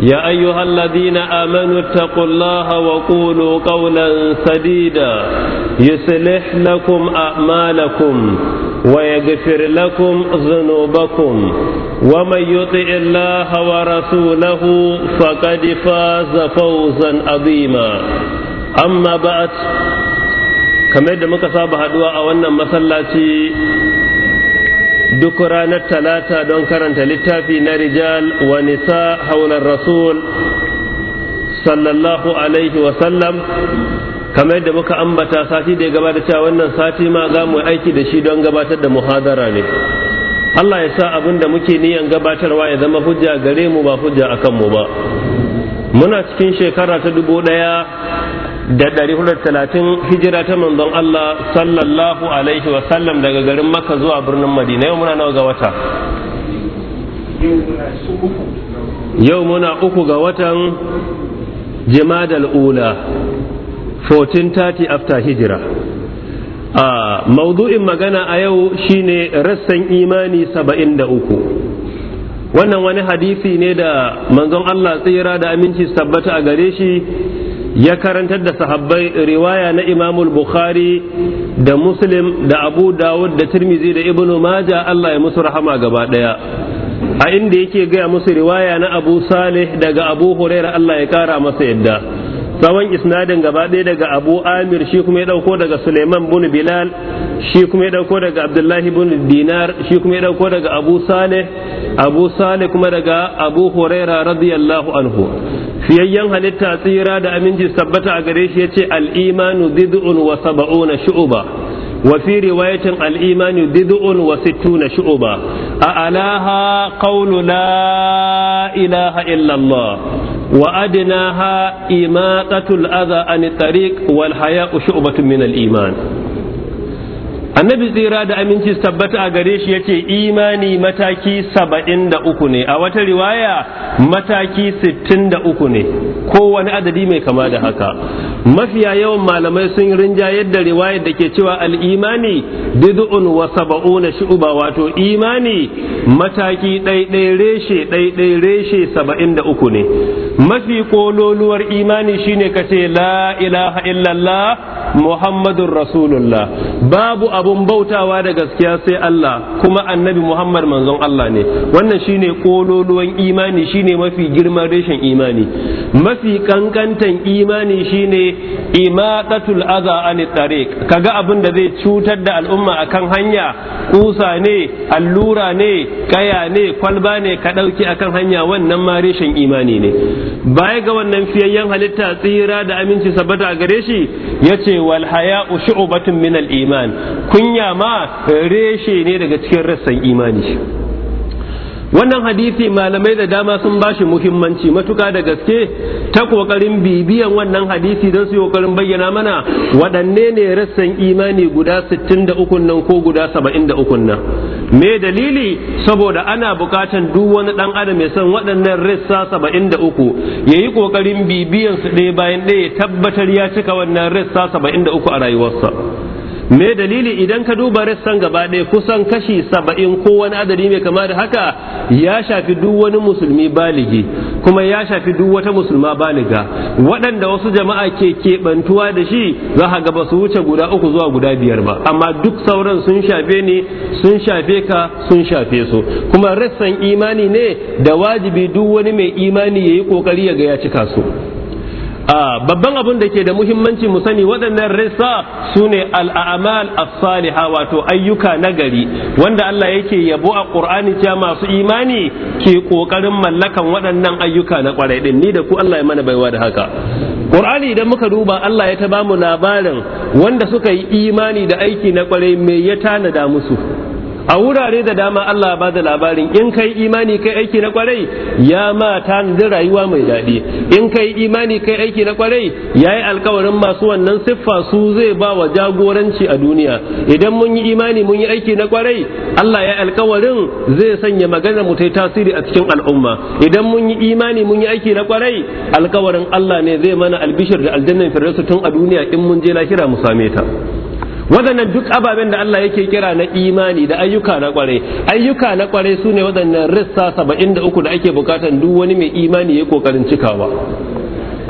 يا أيها الذين آمنوا اتقوا الله وقولوا قولا سديدا يصلح لكم أعمالكم ويغفر لكم ذنوبكم ومن يطع الله ورسوله فقد فاز فوزا عظيما أما بعد كما يدمك صاحب هدوء أو أن مسلاتي duk ranar talata don karanta littafi na rijal wa nisa haular rasul sallallahu alaihi wasallam kamar yadda muka ambata sati da ya gabata cewa wannan sati ma za mu aiki da shi don gabatar da muhadara ne Allah ya sa abin da muke niyan gabatarwa ya zama hujja gare mu ba hujja akan mu ba muna cikin shekara ta dubu ɗaya da talatin hijira ta manzon Allah sallallahu alaihi wa sallam daga garin Makka zuwa birnin Madina yau muna nawa ga wata yau muna uku ga watan jimadal ula 1430 after hijira a maudu'in magana a yau shine rassan imani 73 wannan wani hadisi ne da manzon Allah tsira da aminci tabbata a gare shi ya karantar da sahabbai riwaya na imamul bukhari da muslim da abu dawud da tirmizi da ibnu maja allah ya musu rahama gaba daya a inda yake gaya musu riwaya na abu salih daga abu huraira allah ya kara masa yadda tsawon isnadin gaba ɗaya daga abu amir shi kuma ya ɗauko daga suleiman bin bilal shi kuma ya ɗauko daga abdullahi bin dinar shi kuma ya ɗauko daga abu saleh abu saleh kuma daga abu huraira radiyallahu anhu fiyayyen halitta tsira da aminci tabbata a gare shi yace al-imanu bid'un wa sab'una shu'ba wa fi riwayatin al-imanu bid'un wa sittuna shu'ba a alaha qawlu la ilaha illallah وأدناها إماطة الأذى عن الطريق والحياء شعبة من الإيمان annabi tsira da aminci tabbata a gare shi yace imani mataki saba'in da uku ne a wata riwaya mataki sittin da uku ne kowane adadi mai kama da haka mafiya yawan malamai sun rinja yadda riwayar da ke cewa al'imani bid'un wa saba'una shu'uba wato imani mataki ɗaiɗai reshe ɗaiɗai reshe saba'in da uku ne mafi kololuwar imani shine ka ce la ilaha illallah muhammadun rasulullah babu abun bautawa da gaskiya sai Allah kuma annabi muhammad manzon Allah ne wannan shine kololuwan imani shine mafi girman reshen imani mafi kankantan imani shine imaqatul aza an tariq kaga abin da zai cutar da al'umma akan hanya kusa ne allura ne kaya ne kwalba ne ka dauki akan hanya wannan ma reshen imani ne baya ga wannan fiyayyen halitta tsira da aminci sabata gare shi yace ce walhaya shu'batun min al iman kunya ma reshe ne daga cikin rassan imani wannan hadisi malamai da dama sun ba shi muhimmanci matuka da gaske ta kokarin bibiyan wannan hadisi don su yi kokarin bayyana mana waɗanne ne rassan imani guda 63 nan ko guda 73 nan me dalili saboda ana bukatan duk wani dan adam ya san waɗannan rassa 73 yayi kokarin bibiyan su ɗaya bayan ɗaya ya tabbatar ya cika wannan rassa 73 a rayuwarsa me dalili idan ka duba rassan gaba ɗaya kusan kashi saba'in ko wani adadi mai kama da haka ya shafi duk wani musulmi baligi kuma ya shafi duk wata musulma baliga waɗanda wasu jama'a ke keɓantuwa da shi za ka gaba su wuce guda uku zuwa guda biyar ba amma duk sauran sun shafe ni sun shafe ka sun shafe su kuma rassan imani ne da wajibi duk wani mai imani ya yi ƙoƙari ya ga ya cika su Ah, babban abun da ke da muhimmanci mu sani waɗannan risa su ne al'amal as-saliha wato ayyuka na gari wanda Allah yake yabo a Qur'ani cewa masu imani ke ƙoƙarin mallakan waɗannan ayyuka na kwarai ɗin ni da ku Allah ya mana baiwa da haka Ƙur'ani idan muka duba Allah ya ta bamu labarin wanda suka yi imani da aiki na kwarai me ya tanada musu a wurare da dama Allah ba da labarin in kai imani kai aiki na kwarai ya ma da rayuwa mai daɗi in kai imani kai aiki na kwarai ya yi alkawarin masu wannan siffa su zai ba wa jagoranci a duniya idan mun yi imani mun yi aiki na kwarai Allah ya alkawarin zai sanya magana mu ta tasiri a cikin al'umma idan mun yi imani mun yi aiki na kwarai alkawarin Allah ne zai mana albishir da aljannan firdausu tun a duniya in mun je lahira mu same ta waɗannan duk ababen da Allah yake kira na imani da ayyuka na kwarai ayyuka na kwarai su ne waɗannan rissa saba'in da uku da ake bukatan duk wani mai imani ya yi ƙoƙarin cikawa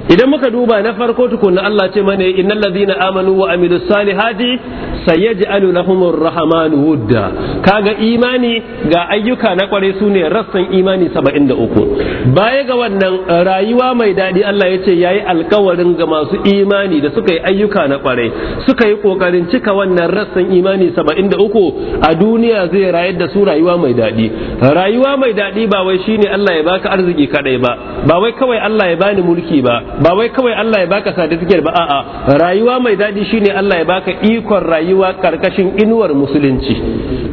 idan muka duba na farko tukunna Allah ce mana innal ladina amanu wa amilus salihati sayaj'alu lahumur rahmanu wudda kaga imani ga ayyuka na kware sune rassan imani 73 baya ga wannan rayuwa mai dadi Allah ya ce yayi alkawarin ga masu imani da suka yi ayyuka na kware suka yi kokarin cika wannan rassan imani 73 a duniya zai rayar da su rayuwa mai dadi rayuwa mai dadi ba wai shine Allah ya baka arziki kadai ba ba wai kawai Allah ya bani mulki ba ba wai kawai Allah ya baka certificate ba a'a rayuwa mai daɗi shine Allah ya baka ikon rayuwa karkashin inuwar musulunci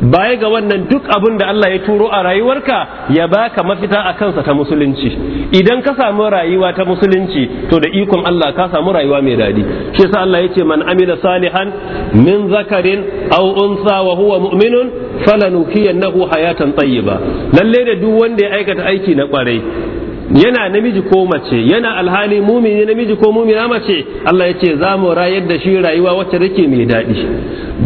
baya ga wannan duk abin da Allah ya turo a rayuwarka ya baka mafita a kansa ta musulunci idan ka samu rayuwa ta musulunci to da ikon Allah ka samu rayuwa mai daɗi shi yasa Allah ya ce man amila salihan min zakarin aw unsa wa huwa mu'minun falanukiyannahu hayatan tayyiba lalle da duk wanda ya aikata aiki na kwarai yana namiji ko mace yana alhali mumini namiji ko mumina mace Allah ya ce za mu rayar da shi rayuwa wacce take mai daɗi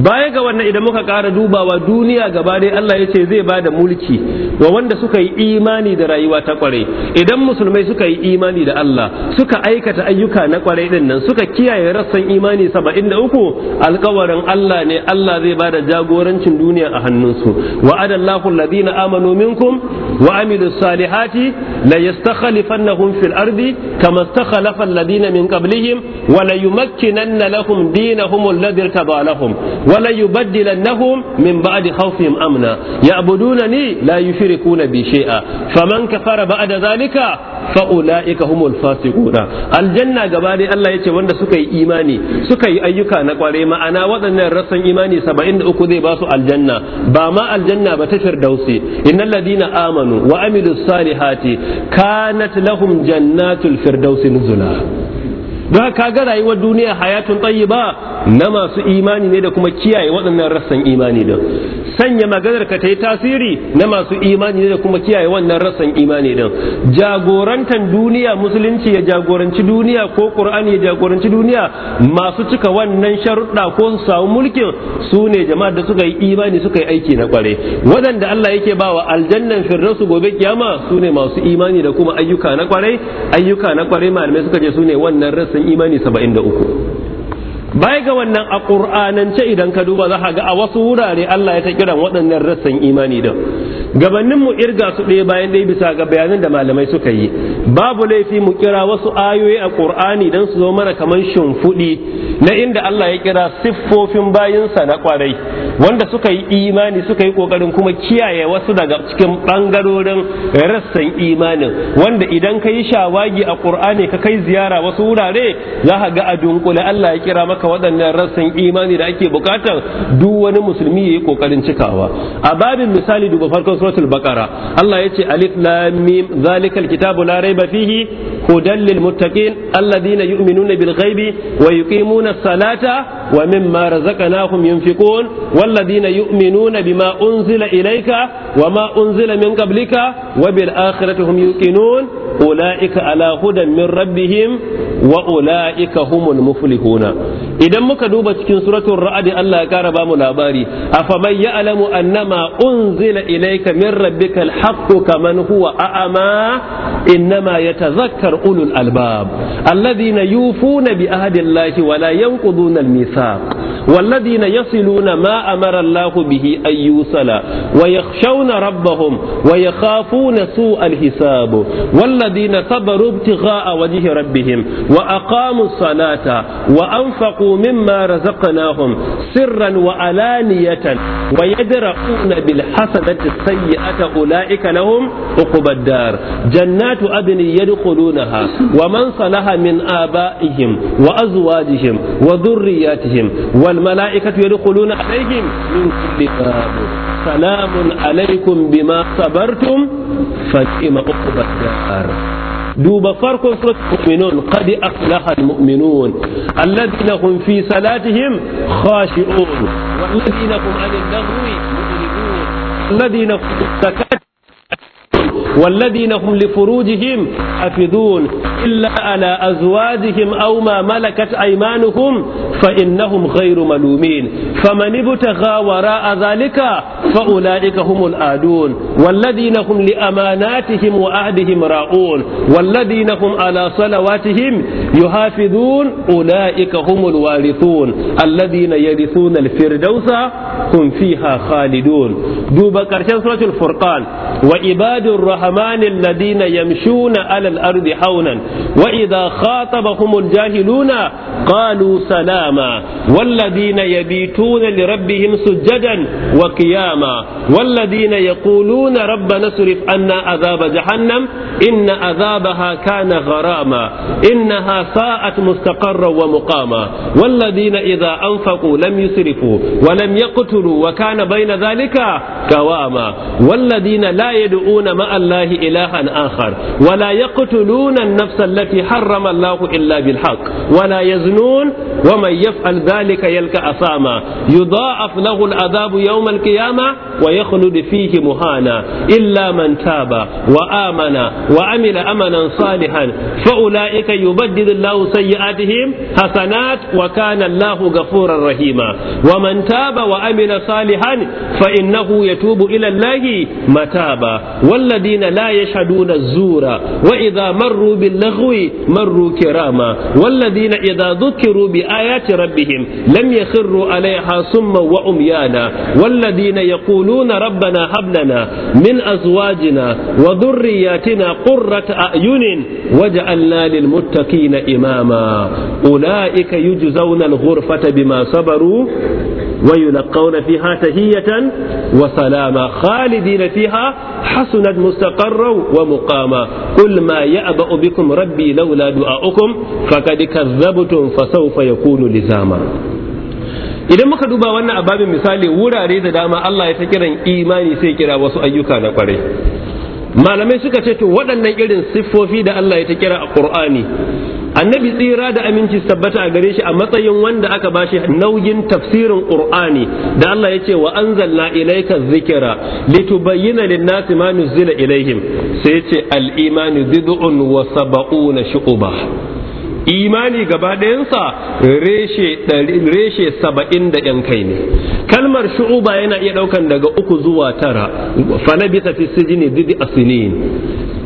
baya ga wannan idan muka kara dubawa duniya gaba dai Allah ya ce zai ba da mulki wa wanda suka yi imani da rayuwa ta kware idan musulmai suka yi imani da Allah suka aikata ayyuka na kware din nan suka kiyaye rassan imani uku alkawarin Allah ne Allah zai ba da jagorancin duniya a hannunsu wa'adallahu alladhina amanu minkum wa amilus salihati la ليستخلفنهم في الأرض كما استخلف الذين من قبلهم وليمكنن لهم دينهم الذي ارتضى لهم وليبدلنهم من بعد خوفهم أمنا يعبدونني لا يشركون بي شيئا فمن كفر بعد ذلك fa ulaika humul fasiquna aljanna gaba dai Allah yace wanda suka yi imani suka yi ayyuka na kware ma'ana waɗannan rassan imani uku zai ba su aljanna ba ma aljanna ba ta firdausi innal ladina amanu wa amilus salihati kanat lahum jannatul firdausi nuzula don haka ga rayuwar duniya hayatun ba na masu imani ne da kuma kiyaye waɗannan rassan imani din sanya maganar ka ta yi tasiri na masu imani ne da kuma kiyaye wannan rassan imani din jagorantan duniya musulunci ya jagoranci duniya ko qur'ani ya jagoranci duniya masu cika wannan sharuɗa ko su samu mulkin su ne jama'ar da suka yi imani suka yi aiki na kware waɗanda Allah yake wa aljannan firdausu gobe kiyama su ne masu imani da kuma ayyuka na kware ayyuka na kware malamai suka je su ne wannan rassan hadisan imani 73 bai ga wannan a ƙur'anance idan ka duba za ga a wasu wurare Allah ya ta kiran waɗannan rassan imani din gabanin mu irga su ɗaya bayan ɗaya bisa ga bayanan da malamai suka yi babu laifi mu kira wasu ayoyi a qur'ani dan su zo mana kamar shimfudi na inda Allah ya kira siffofin bayinsa na kwarai wanda suka yi imani suka yi kokarin kuma kiyaye wasu daga cikin ɓangarorin rassan imanin wanda idan ka yi shawagi a qur'ani ka kai ziyara wasu wurare za ka ga a dunkule Allah ya kira maka waɗannan rassan imani da ake bukatar duk wani musulmi ya yi ƙoƙarin cikawa a babin misali duba farkon suratul baqara Allah ya ce alif lam mim zalikal kitabu la ريب فيه هدى للمتقين الذين يؤمنون بالغيب ويقيمون الصلاة ومما رزقناهم ينفقون والذين يؤمنون بما أنزل إليك وما أنزل من قبلك وبالآخرة هم يوقنون ula'ika ala hudan min rabbihim wa ula'ika humul muflihuna idan muka duba cikin suratul ra'adi Allah ya kara bamu labari afaman ya'lamu annama unzila ilayka min rabbika alhaqqu kaman huwa a'ama innama yatadhakkar ulul albab alladhina yufuna bi ahdillahi wala wa la yanquduna almithaq والذين يصلون ما أمر الله به أن يوصل ويخشون ربهم ويخافون سوء الحساب والذين صبروا ابتغاء وجه ربهم وأقاموا الصلاة وأنفقوا مما رزقناهم سرا وعلانية ويدرؤون بالحسنة السيئة أولئك لهم عقبى الدار جنات أدن يدخلونها ومن صلح من آبائهم وأزواجهم وذرياتهم وال والملائكة يدخلون عليهم من كل باب سلام عليكم بما صبرتم فنعم عقبى الدار دوب فرق سورة المؤمنون قد أفلح المؤمنون الذين هم في صلاتهم خاشعون والذين هم عن اللغو مؤمنون الذين هم في الزكاة والذين هم لفروجهم حافظون إلا على أزواجهم أو ما ملكت أيمانهم فإنهم غير ملومين فمن ابتغى وراء ذلك فأولئك هم الآدون والذين هم لأماناتهم وعهدهم راؤون والذين هم على صلواتهم يحافظون أولئك هم الوارثون الذين يرثون الفردوس هم فيها خالدون دوب كرشان سورة الفرقان وعباد عباد الرحمن الذين يمشون على الأرض حونا وإذا خاطبهم الجاهلون قالوا سلاما والذين يبيتون لربهم سجدا وقياما والذين يقولون ربنا اصرف عنا عذاب جهنم إن عذابها كان غراما إنها ساءت مستقرا ومقاما والذين إذا أنفقوا لم يسرفوا ولم يقتلوا وكان بين ذلك كواما والذين لا يدعون يدعون مع الله إلها آخر ولا يقتلون النفس التي حرم الله إلا بالحق ولا يزنون ومن يفعل ذلك يلقى أثاما يضاعف له العذاب يوم القيامة ويخلد فيه مهانا إلا من تاب وآمن وعمل أملا صالحا فأولئك يبدل الله سيئاتهم حسنات وكان الله غفورا رحيما ومن تاب وعمل صالحا فإنه يتوب إلى الله متابا walladina la yashhaduna zura wa idza marru bil lagwi marru kirama walladina idza dhukiru bi ayati rabbihim lam yakhru alaiha summa wa umyana walladina yaquluna rabbana hab lana min azwajina wa dhurriyyatina qurrata a'yunin allah lil na imama ulaika yujzauna gurfa ghurfata bima sabaru ويلقون فيها تهية وسلاما خالدين فيها حسنت مستقرا ومقاما قل ما يأبأ بكم ربي لولا دعاؤكم فقد كذبتم فسوف يكون لزاما idan muka duba wannan ababin misali wurare da dama Allah ya ta kiran imani sai kira wasu ayyuka na kwarai malamai suka ce to waɗannan irin siffofi da Allah ya ta kira a Qur'ani annabi tsira da aminci tabbata a gare shi a matsayin wanda aka bashi nauyin tafsirin qur'ani da Allah ya ce wa anzalna ilayka dhikra litubayyana lin-nasi ma nuzila ilayhim sai yace al-imanu bid'un wa sab'una shu'bah imani gaba ɗayansa reshe saba'in da ‘yan kai ne kalmar shu'uba yana iya ɗaukan daga uku zuwa tara fana bisa fi sijini didi asinin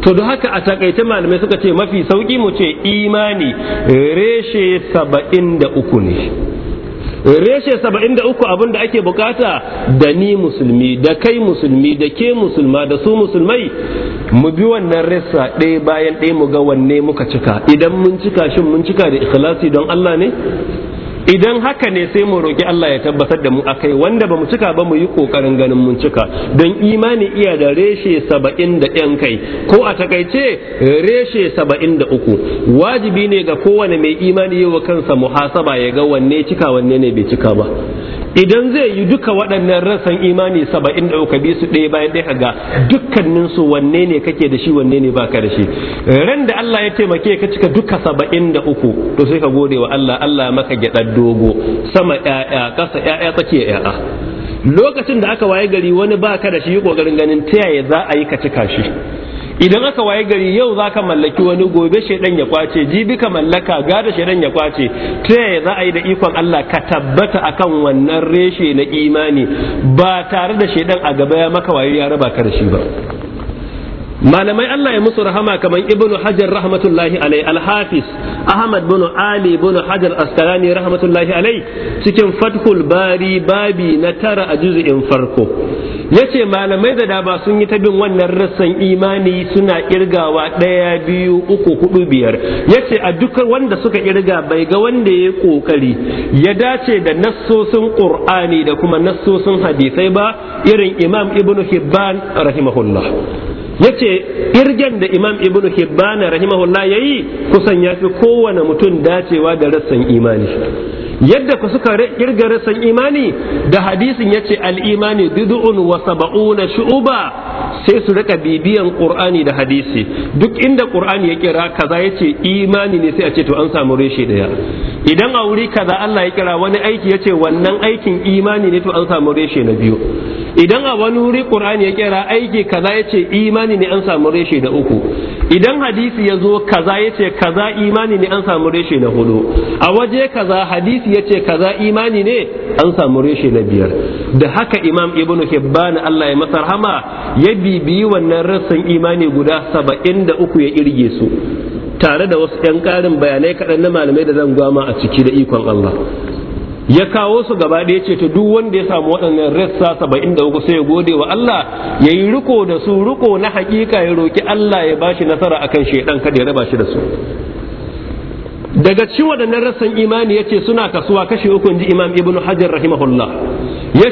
to da haka a takaice malamai suka ce mafi sauki mu ce imani reshe saba'in da uku ne reshe saba'in da uku abin da ake bukata da ni musulmi da kai musulmi da ke musulma da su musulmai mu bi wannan ressa ɗaya bayan ɗaya mu ga wanne muka cika idan mun cika shin mun cika da ikhlasi don Allah ne idan haka ne sai mu roki Allah ya tabbatar da mu akai wanda ba mu cika ba mu yi kokarin ganin mun cika don imani iya da reshe saba'in da yan kai ko a takaice reshe saba'in da uku wajibi ne ga kowane mai imani yi wa kansa muhasaba ya ga wanne cika wanne ne bai cika ba idan zai yi duka waɗannan rassan imani saba'in da uka bi su ɗaya bayan ɗaya ga dukkanin su wanne ne kake da shi wanne ne baka da shi ran da Allah ya taimake ka cika duka saba'in da uku to sai ka gode wa Allah Allah maka gyaɗar dogo sama ƴaƴa ƙasa ƴaƴa tsakiya ƴaƴa lokacin da aka waye gari wani baka da shi yi ƙoƙarin ganin ta yaya za a yi ka cika shi idan aka waye gari yau za ka mallaki wani gobe shaidan ya kwace jibi ka mallaka gada shaidan ya kwace ta yaya za a yi da ikon Allah ka tabbata a kan wannan reshe na imani ba tare da shaidan a gaba ya maka waye ya raba ka da shi ba malamai Allah ya musu rahama kamar ibnu hajar rahmatullahi alai alhafiz Ahmad bin Ali bin Hajar Asqalani rahmatullahi alai cikin Fathul Bari babi na tara a juz'in farko yace malamai da daba sun yi ta bin wannan rassan imani suna kirgawa ɗaya biyu uku hudu biyar yace a dukkan wanda suka kirga bai ga wanda ya kokari ya dace da nassosin Qur'ani da kuma nassosin hadisai ba irin Imam Ibn Hibban rahimahullah yace irgen da imam ibnu hibbana rahimahullah yayi kusan ya fi kowane mutum dacewa da rassan imani yadda ku suka kirga rassan imani da hadisin yace al-imani bid'un wa sab'una shu'uba sai su rika bibiyan qur'ani da hadisi duk inda qur'ani ya kira kaza yace imani ne sai a ce to an samu reshe daya idan a wuri kaza Allah ya kira wani aiki yace wannan aikin imani ne to an samu reshe na biyu idan a wani wuri qur'ani ya kira aiki kaza yace imani ne an samu reshe da uku idan hadisi ya zo kaza yace kaza imani ne an samu reshe na hudu a waje kaza hadisi yace kaza imani ne an samu reshe na biyar da haka imam ibnu hibban Allah ya masa rahama ya bibiyi wannan rassan imani guda saba'in da uku ya irge su tare da wasu 'yan karin bayanai kaɗan na malamai da zan gwama a ciki da ikon Allah ya kawo su gaba ɗaya ce ta duk wanda ya samu waɗannan rassa saba'in da uku sai ya gode wa Allah ya yi riko da su riko na hakika ya roƙi Allah ya bashi nasara akan shaidan kada ya raba shi da su daga ci waɗannan rassan imani ce suna kasuwa kashe uku ji imam ibnu hajar rahimahullah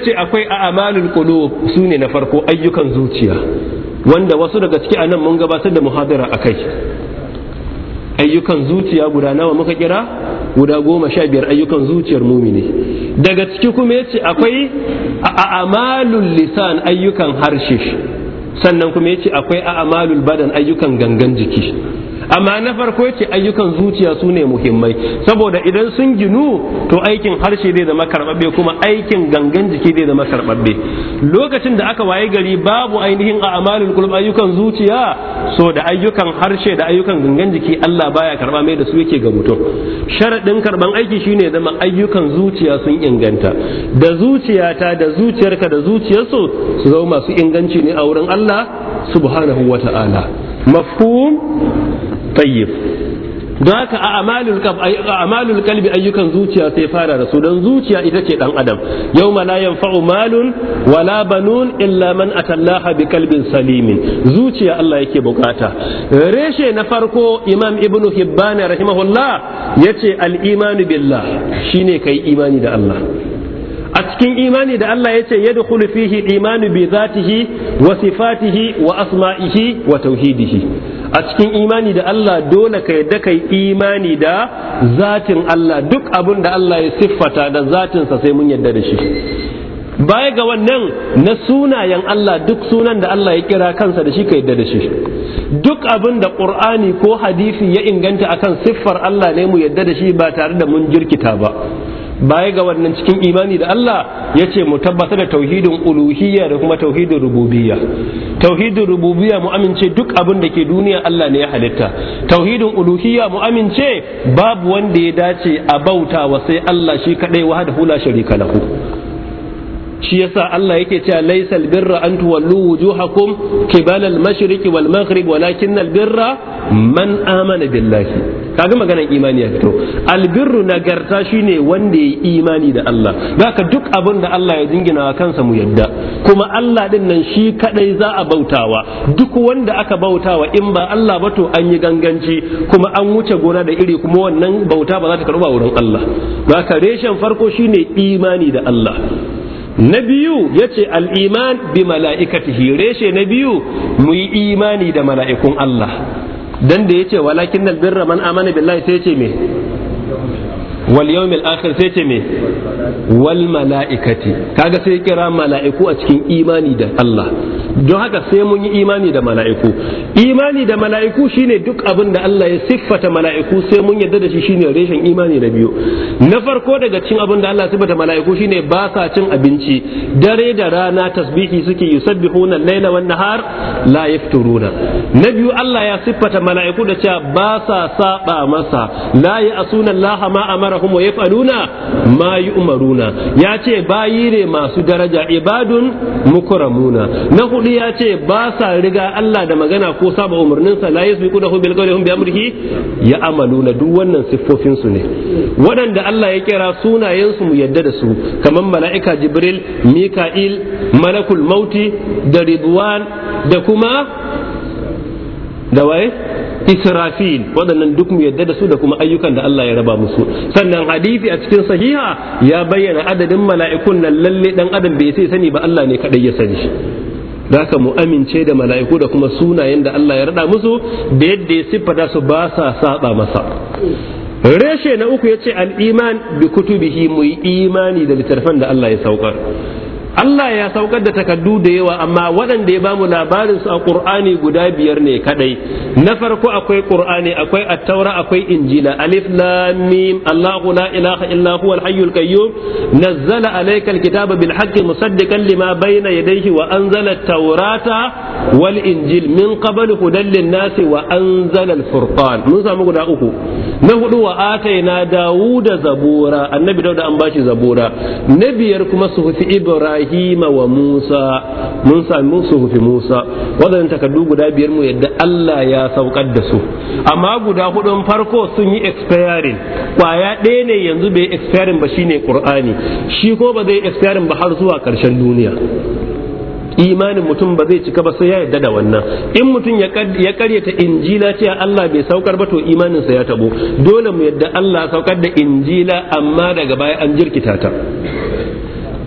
ce akwai a kudu su ne na farko ayyukan zuciya wanda wasu daga ciki nan mun gabatar da muhadara a kai. ayyukan zuciya guda nawa muka kira guda goma sha biyar ayyukan zuciyar mumini daga ciki kuma ya ce akwai a amalul lisan ayyukan harshe sannan kuma ya ce akwai a amalul badan ayyukan gangan jiki amma na farko yace ayyukan zuciya su ne muhimmai saboda idan sun ginu to aikin harshe zai zama karbabbe kuma aikin gangan jiki zai zama karbabbe lokacin da aka waye gari babu ainihin a amalul qulub ayyukan zuciya so da ayyukan harshe da ayyukan gangan jiki Allah baya karba mai da su yake ga mutum sharadin karban aiki shine zama ayyukan zuciya sun inganta da zuciyata da zuciyarka da zuciyarsu su zama masu inganci ne a wurin Allah subhanahu wata'ala mafhum tayyib daka a amalul kalbi ayyukan zuciya sai fara da su don zuciya ita ce dan adam yau la fa'u malun wala banun illa man atallaha bi kalbin salimin zuciya Allah yake bukata reshe na farko imam ibn Hibbani rahimahullah yace al imanu billah shine kai imani da Allah a cikin imani da Allah ya ce ya yadkhulu fihi imanu bi zatihi wa sifatihi wa asma'ihi wa tauhidihi a cikin imani da Allah dole ka yadda kai imani da zatin Allah duk abin da Allah ya siffata da zatinsa sai mun yadda da shi baya ga wannan na sunayen Allah duk sunan da Allah ya kira kansa da shi ka yadda da shi duk abin da ƙur'ani ko hadisi ya inganta akan siffar Allah ne mu yadda da shi ba tare da mun jirkita ba baya ga wannan cikin imani da Allah ya ce mu tabbata da tauhidin uluhiyya da kuma tauhidin rububiyya tauhidin rububiyya mu amince duk abin da ke duniya Allah ne ya halitta tauhidin uluhiyya mu amince babu wanda ya dace a bauta wa sai Allah shi kadai wahdahu la sharika lahu shi yasa Allah yake cewa laysal birra an tuwallu wujuhakum qibala al-mashriq wal maghrib walakin al-birra man amana billahi kaga maganar imani ya al albirru nagarta shine wanda yayi imani da Allah haka duk abin da Allah ya jingina kansa mu yadda kuma Allah din nan shi kadai za a bautawa duk wanda aka bautawa in ba Allah ba to an yi ganganci kuma an wuce gona da iri kuma wannan bauta ba za ta karba wurin Allah haka reshen farko shine imani da Allah na biyu ya ce al'iman bi mala'ikatihi reshe na biyu mu yi imani da mala'ikun Allah dan da ya ce walakin birra man amana billahi sai ce me wal yawmil akhir sai ce me wal mala'ikati kaga sai kira mala'iku a cikin imani da Allah don haka sai mun yi imani da mala'iku imani da mala'iku shine duk abin da Allah ya siffata mala'iku sai mun yarda da shi shine reshen imani da biyu na farko daga cikin abin da Allah ya siffata mala'iku shine ba sa cin abinci dare da rana tasbihi suke yusabbihuna al-laila wan nahar la yafturuna na biyu Allah ya siffata mala'iku da cewa ba sa saba masa la ya'suna Allah ma amarahum wa yaf'aluna ma yu'maruna ya ce bayi ne masu daraja ibadun mukramuna na hudu ya ce ba sa riga Allah da magana ko saba umarninsa la yasbiqunahu bil qawli hum bi amrihi ya amaluna duk wannan siffofin su ne waɗanda Allah ya kira sunayen su mu yadda da su kamar mala'ika jibril mika'il malakul mauti da ridwan da kuma da waye israfil waɗannan duk mu yadda da su da kuma ayyukan da Allah ya raba musu sannan hadisi a cikin sahiha ya bayyana adadin mala'ikun nan lalle dan adam bai sai sani ba Allah ne kadai ya sani haka mu amince da mala'iku da kuma sunayen da Allah ya raɗa musu da yadda ya siffata su ba sa saba masa reshe na uku ya ce al'iman bi kutubihi mu yi imani da littattafan da Allah ya saukar Allah ya saukar da takaddu da yawa amma waɗanda ya bamu labarin su a Qur'ani guda biyar ne kadai na farko akwai Qur'ani akwai At-Taura akwai Injila Alif Lam Mim Allahu la ilaha illa huwa al-hayyul qayyum nazzala alayka kitaba bil haqqi musaddiqan lima bayna yadayhi wa anzala at-taurata wal injil min qabl hudan lin-nasi wa anzala al-furqan mun samu guda uku na hudu wa ataina Dawuda zabura annabi Dawuda an bashi zabura na biyar kuma suhufi Ibrahim ibrahima wa musa mun sami suhufi musa wadannan takardu guda biyar mu yadda Allah ya saukar da su amma guda hudun farko sun yi expiring kwaya ɗaya ne yanzu bai expiring ba shine qur'ani shi ko ba zai expiring ba har zuwa karshen duniya imanin mutum ba zai cika ba sai ya yarda da wannan in mutum ya karyata injila cewa Allah bai saukar ba to imaninsa ya tabo dole mu yadda Allah saukar da injila amma daga baya an jirkita ta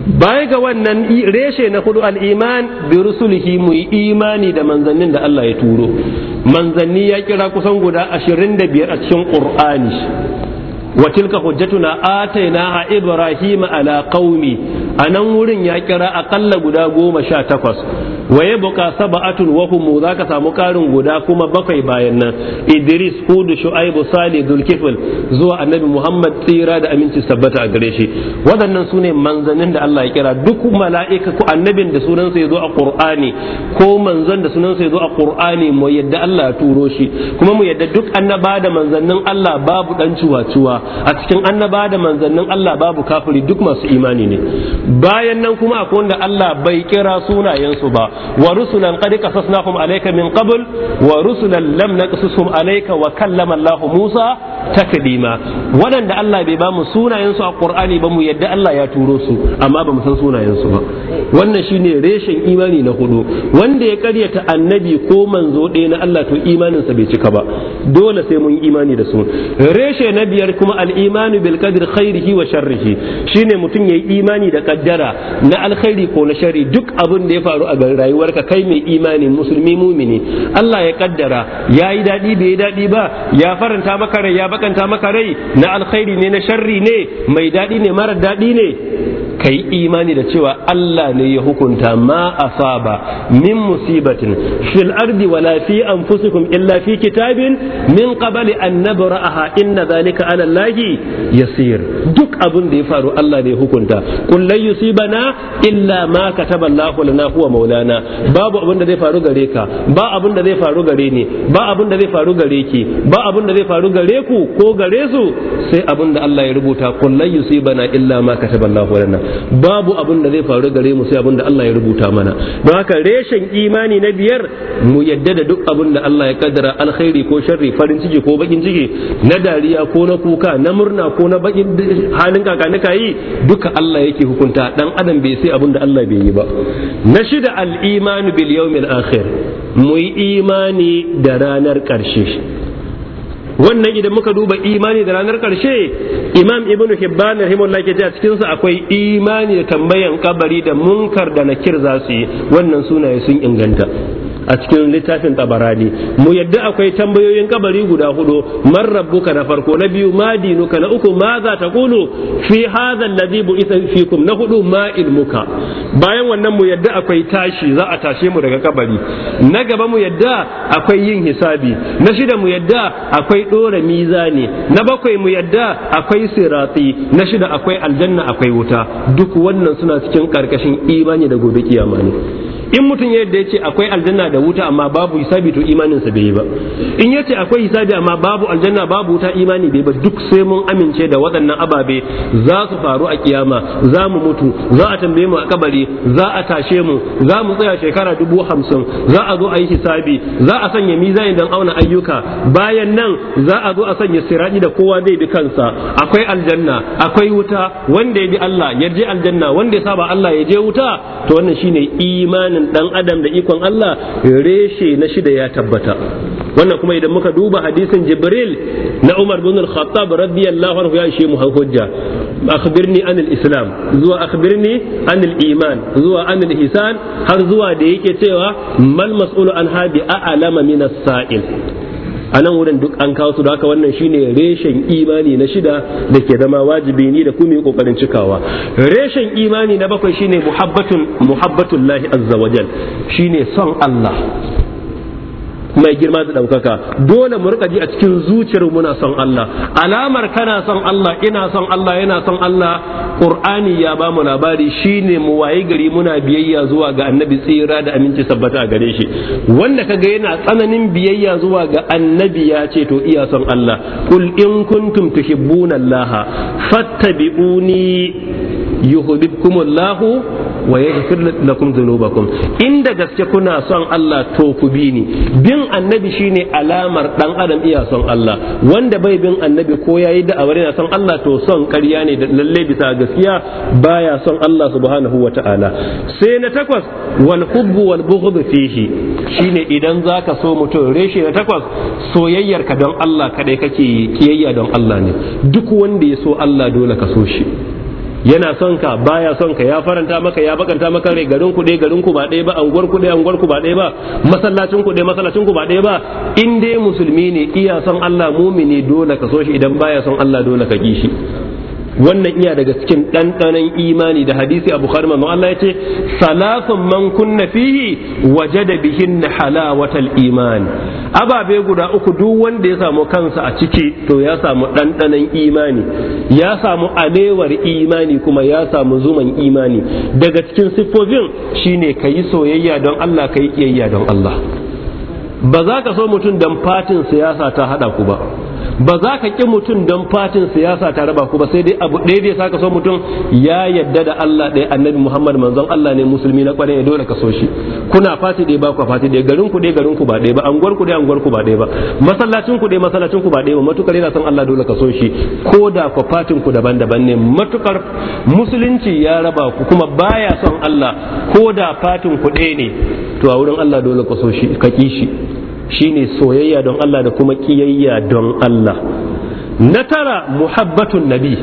baya ga wannan reshe na hudu al'iman bi rusulihi mu yi imani da manzannin da Allah ya turo manzanni ya kira kusan guda ashirin da biyar a cikin ƙur'ani wa tilka hujjatuna ataina a ibrahim ala qaumi a nan wurin ya kira akalla guda goma sha takwas waye buka saba'atun wa hum za ka samu karin guda kuma bakwai bayan nan Idris Hudu Shu'aibu Salih Zulkifl zuwa Annabi Muhammad tsira da aminci sabbata a gare shi waɗannan sune manzannin da Allah ya kira duk mala'ika ko annabin da sunan sa yazo a Qur'ani ko manzon da sunan sa yazo a Qur'ani mu yadda Allah ya turo shi kuma mu yadda duk annaba da manzannin Allah babu dan cuwa-cuwa a cikin annaba da manzannin Allah babu kafiri duk masu imani ne bayan nan kuma akwai wanda Allah bai kira sunayen su ba wa rusulan qad qasasnahum alayka min qabl wa rusulan lam naqsushum alayka wa kallama lamallahu Musa taklima waɗanda Allah bai bamu mu sunayen su a Qur'ani ba mu yadda Allah ya turo su amma bamu san sunayen su ba wannan shine reshen imani na hudu wanda ya karyata annabi ko manzo ɗaya na Allah to imaninsa bai cika ba dole sai mun yi imani da su reshe na biyar kuma al-imanu bil qadri khairihi wa sharrihi shine mutum yayi imani da kaddara na alkhairi ko na sharri duk abin da ya faru a garin rayuwarka kai mai imani musulmi mumini Allah ya kaddara yayi dadi bai yi dadi ba ya faranta maka rai ya bakanta maka rai na alkhairi ne na sharri ne mai dadi ne mara dadi ne ka yi imani da cewa Allah ne ya hukunta ma asaba min musibatin fil ardi wala fi anfusikum illa fi kitabin min qabli an nabraha inna zalika ala allahi yasir duk abun da ya faru Allah ne ya hukunta qul lan yusibana illa ma kataba Allahu lana huwa maulana babu abun da zai faru gare ka ba abun da zai faru gare ni ba abun da zai faru gare ki ba abun da zai faru gare ku ko gare su sai abun da Allah ya rubuta qul lan yusibana illa ma kataba Allahu lana babu abin da zai faru gare mu sai abin da Allah ya rubuta mana don haka reshen imani na biyar mu yadda da duk abin da Allah ya kaddara alkhairi ko sharri farin ciki ko bakin ciki na dariya ko na kuka na murna ko na bakin halin kakanika yi duka Allah yake hukunta dan adam bai sai abin da Allah bai yi ba na shida al-imanu bil yawmil akhir mu yi imani da ranar karshe wannan idan muka duba imani da ranar karshe imam ibn hibban rahimahullah ke cewa a cikin sa akwai imani da tambayan kabari da munkar da nakir za su yi wannan sunaye sun inganta a cikin littafin tabarani mu yadda akwai tambayoyin kabari guda hudu man rabbuka na farko na biyu ma dinuka na uku ma za ta kulu fi hadha alladhi bu'itha fikum na hudu ma ilmuka bayan wannan mu yadda akwai tashi za a tashe mu daga kabari na gaba mu yadda akwai yin hisabi na shida mu yadda akwai dora mizani na bakwai mu yadda akwai sirati na shida akwai aljanna akwai wuta duk wannan suna cikin karkashin imani da gobe kiyama ne in mutum yadda ya ce akwai aljanna da wuta amma babu hisabi to imaninsa bai yi ba in ya ce akwai hisabi amma babu aljanna babu wuta imani bai ba duk sai mun amince da waɗannan ababe za su faru a kiyama za mu mutu za a tambaye mu a kabari za a tashe mu za mu tsaya shekara dubu hamsin za a zo a yi hisabi za a sanya mizani don auna ayyuka bayan nan za a zo a sanya siraji da kowa zai bi kansa akwai aljanna akwai wuta wanda ya bi Allah ya je aljanna wanda ya saba Allah ya je wuta to wannan shine imanin dan adam da ikon Allah reshe na shida ya tabbata wannan kuma idan muka duba hadisin jibril na umar bin al-khattab radiyallahu anhu ya ishe mu hujja akhbirni an al-islam zuwa akhbirni an al-iman zuwa an al-hisan har zuwa da yake cewa mal mas'ulu an hadi a'lama min as-sa'il a nan wurin duk an kawo su da haka wannan shine reshen imani na shida da ke zama wajibi ni da kuma kokarin cikawa reshen imani na bakwai shine muhabbatun muhabbatul lahi azza wajal shine son Allah mai girma da ɗaukaka dole mu rika ji a cikin zuciyar muna son Allah alamar kana son Allah ina son Allah yana son Allah Qur'ani ya ba mu labari shine mu wayi gari muna biyayya zuwa ga annabi tsira da aminci sabbata a gare shi wanda kaga yana tsananin biyayya zuwa ga annabi ya ce to iya son Allah kul in kuntum tuhibbuna Allah fattabi'uni yuhibbukumullahu wa yaghfir lakum dhunubakum inda gaske kuna son Allah to ku bi ni bin annabi shine alamar dan adam iya son Allah wanda bai bin annabi ko yayi da awar na son Allah to son ƙarya ne da lalle bisa gaskiya baya son Allah subhanahu ta'ala sai na takwas wal hubbu wal bughd fihi shine idan zaka so mutum reshe na takwas soyayyar ka don Allah kadai kake kiyayya don Allah ne duk wanda ya so Allah dole ka so shi yana son ka baya son ka ya faranta maka ya bakanta maka rai garin ku dai garin ku ba dai ba anguwar ku dai anguwar ku ba dai ba masallacin ku dai masallacin ku ba dai ba in dai musulmi ne iya son Allah mumini dole ka so shi idan baya son Allah dole ka ki shi wannan iya daga cikin ɗanɗanon imani da hadisi a bukhari manzon Allah ya ce salasun man kunna fihi wajada bihin halawatal imani. ababe guda uku duk wanda ya samu kansa a ciki to ya samu ɗanɗanon imani ya samu alewar imani kuma ya samu zuman imani daga cikin siffofin shine yi soyayya don Allah ka yi kiyayya don Allah ba za ka so mutum don fatin siyasa ta haɗa ku ba ba za ka ƙi mutum don fatin siyasa ta raba ku ba sai dai abu ɗaya zai saka so mutum ya yadda da Allah ɗaya annabi Muhammad manzon Allah ne musulmi na kwarai ya dole ka so shi kuna fati ɗaya ba ku fati ɗaya garin ku ɗaya garin ku ba ɗaya ba anguwar ku ɗaya anguwar ku ba ɗaya ba masallacin ku ɗaya masallacin ku ba ɗaya ba matukar yana son Allah dole ka so shi ko da ku fatin ku daban-daban ne matukar musulunci ya raba ku kuma baya son Allah ko da fatin ku ɗaya ne to a wurin Allah dole ka so shi ka ƙi shi shine soyayya don Allah da kuma kiyayya don Allah na tara muhabbatun nabi